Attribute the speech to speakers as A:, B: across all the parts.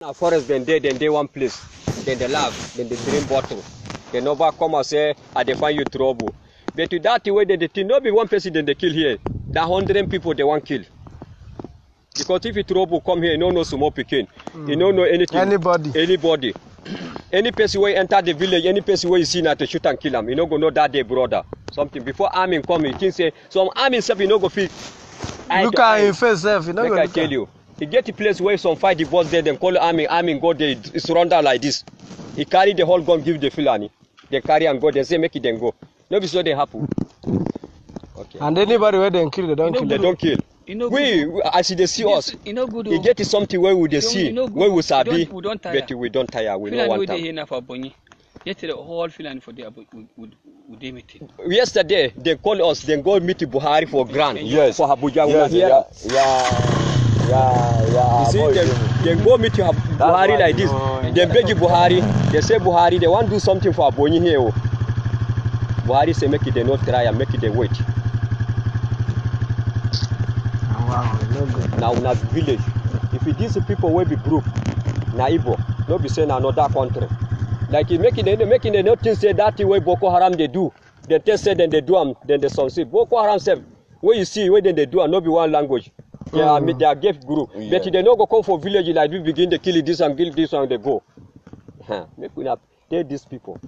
A: na forest dem dey dem dey one place dem dey laugh dem dey drink bottle dem never come out say i dey find you trouble but with that thing wey dem dey think no be one person dem dey kill here na hundred people dem wan kill because if you trouble come here you no know small pikin mm. you no know anything anybody anybody any person wey enter the village any person wey you see na to shoot and kill am you no go know that day brother something before army come you think say some army sef you no go fit. look at him face sef you no go look at am. make i tell you e get place where some fight divorce there dem call army army go dey surrender like this e carry the whole gun give the fulani dem carry am go dem say make e dem go no be so dey happen. okay. and anybody wey dem kill dem don kill. dem don kill. we as e dey see us e get something wey we dey see wey we sabi but we don tire we no want am. Yesterday, all they meet Yesterday, they call us, they go meet Buhari for Grand, yes. for Abuja. Yes, yeah. yeah. yeah. Yeah, yeah. You see, boy, they, go meet your Buhari like this. They beg Buhari. They say Buhari, they want do something for Abonyi here. Oh. Buhari say make it they not try and make it they wait. Wow, no good. village. If it is people will be broke, na Igbo, no be saying another country. Like make it making they making they not say that way Boko Haram they do. They test say then they do them, then they succeed. Boko Haram self, where you see, where then they do and no be one language. Yeah, I mean, oh. their gap grew. Oh, yeah. But they no go come for village like we begin to kill this and kill this and they go. Make we not tell these people.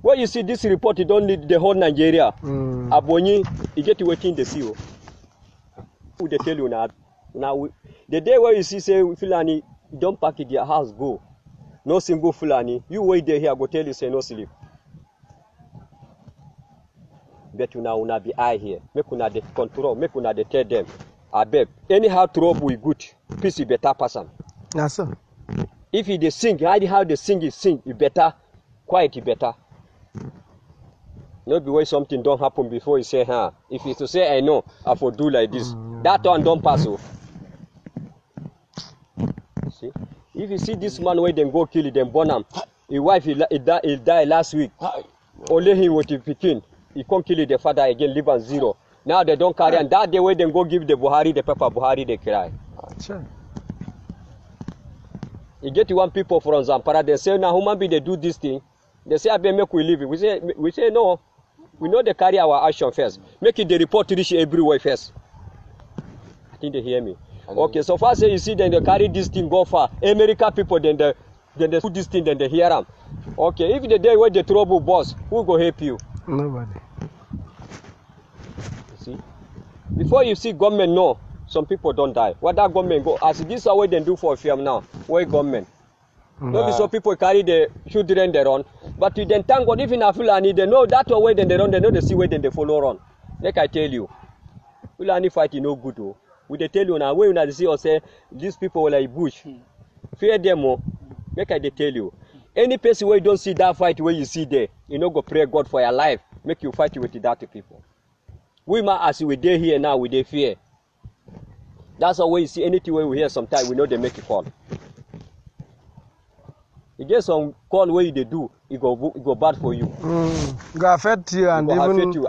A: When you see this report, you don't need the whole Nigeria. Mm. Abonyi, you get waiting the CEO. Who they tell you now? Now, we, the day where you see, say, Fulani, don't pack it, your house, go. No single Fulani. You wait there here, go tell you, say, no sleep. Bet una una be eye here. Make una the control. Make una the tell them abeg anyhow trouble e good peace e better pass am na so if e dey sing how the sing e sing e better quiet e better no be when something don happen before you say huh if you to say i know i for do like this mm, that one don pass o oh. see if you see this man wey dem go kill dem born am him wife he die last week only him with him pikin he come kill the father again leave am zero Now they don't carry, and that day when they go give the Buhari the paper, Buhari they cry. Sure. You get one people from Zampara, they say, now human being, they do this thing. They say, I make we leave. We say, we say no. We know they carry our action first. Make it the report reach everywhere first. I think they hear me. Okay, so far say you see, then they carry this thing go far. America people, then they, then they put this thing, then they hear them. Okay, if the day where the trouble boss, who go help you? Nobody see before you see government know some people don die What that government go as this one wey dem do for fiam now wey government no be so people carry the children dey run but you dem thank god if na fulani dem know that one wey dem dey run dem no dey see wey dem dey follow run make i tell you fulani fight e no good o oh. we dey tell una wey una dey see us say these people like bush fear dem o oh. make i dey tell you any person wey don see that fight wey you see there you no go pray god for your life make you fight with that people we ma as we dey here now we dey fear that's why when you see anything wey we hear sometimes we no dey make e call e get some call wey you dey do e go go bad for you. Mm, go affect you and even.